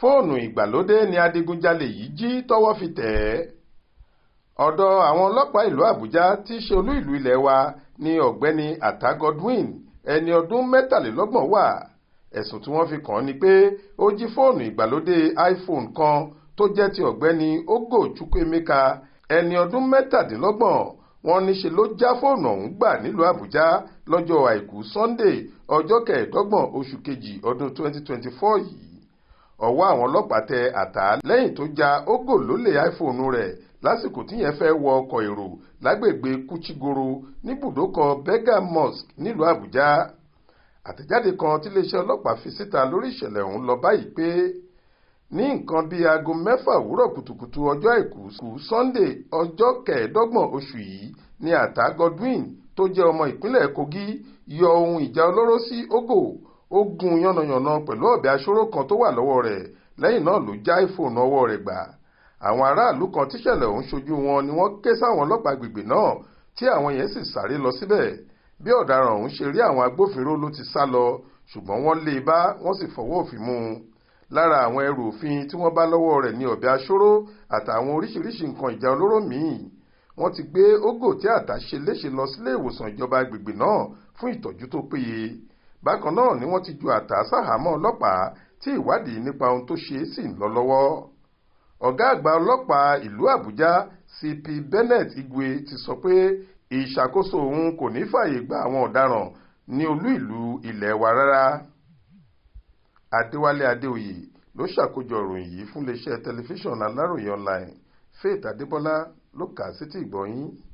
fóònù ìgbàlódé ni adigunjalè yìí jí tọ́wọ́ fi tẹ̀ ẹ́ ọ̀dọ̀ àwọn ọlọ́pàá ìlú àbújá tí í ṣe olú ìlú ilé wa ni ọ̀gbẹ́ni ata godwin ẹni ọdún mẹ́tàlélọ́gbọ̀n wà ẹ̀sùn tí wọ́n fi kàn án ni pé ó jí fóònù ìgbàlódé iphone kan tó jẹ́ ti ọ̀gbẹ́ni ogo chukwuemeka ẹni ọdún mẹ́tàdínlọ́gbọ̀n wọ́n níṣe ló já fóònù ọ̀hún gbà nílùú àbújá lọ́jọ́ àìkú sunday ọjọ́ kẹẹ̀ẹ́dọ́gbọ̀n oṣù kejì ọdún 2024 yìí ọwọ́ àwọn ọlọ́pàá tẹ àtà lẹ́yìn tó já ógò lólè iphone rẹ̀ lásìkò tíyẹn fẹ́ wọ ọkọ̀ èrò lágbègbè kúchigoro níbùdókọ̀ berga mosque nílùú àbújá àtẹ̀jáde kan tíléeṣẹ́ ọlọ́pàá fi síta lórí ìṣẹ̀lẹ̀ ọ̀hún lọ báyìí pé ní nǹkan bíi aago mẹ́fà òwúrọ̀ kùtùkùtù ọjọ́ àìkú sunday ọjọ́ kẹẹ̀ẹ́dọ́gbọ̀n oṣù yìí ni àtà godwin tó jẹ́ ọmọ ìpínlẹ̀ kogi yọ ohun ìjà olóró sí ògò ó gun yánnayànna pẹ̀lú ọ̀bẹ aṣọ́rọ̀ kan tó wà lọ́wọ́ rẹ̀ lẹ́yìn náà ló já ìfòònù ọwọ́ rẹ̀ gbà àwọn aráàlú kan tíṣẹ̀lẹ̀ ọ̀hún ṣojú wọn ni wọ́n ké sáwọn ọlọ́pàá agbègbè náà tí àwọn yẹn sì sáré lọ síbẹ̀ bí ọ̀daràn ọ̀hún ṣe rí àwọn agbófinró ló ti sá lọ ṣùgbọ́n wọ́n lé e bá wọ́n sì fọwọ́ òfin mú un lára àwọn ẹrù òfin tí wọ́n bá lọ́wọ́ rẹ̀ ní ọ̀bẹ aṣọ́rọ̀ àtàwọn oríṣiríṣi nǹkan ìjà olóró míì wọ́n ti gbé ógò tí àtàṣe léṣe lọ sílé ìwòsàn ìjọba agbègbè náà fún ìtọ́jú tó péye bákan náà ni wọ́n ti ju àtà sáhàámọ́ ọlọ́pàá tí ìwádìí nípa ohun tó ṣe sì ń lọ lọ́wọ́ ọ̀gá àgbà ọlọ́pàá ìlú àbújá cp bennett igwe ti sọ pé ìṣàkóso òun kò ní fààyè gba àwọn ọ̀daràn ní olú ìlú ilẹ̀ wa rárá adéwálé adéoyè ló ṣàkójọ ìròyìn yìí fún iléeṣẹ́ tẹlifíṣàn aláròye online faith adébọlá ló kà á sétí ìgbọ́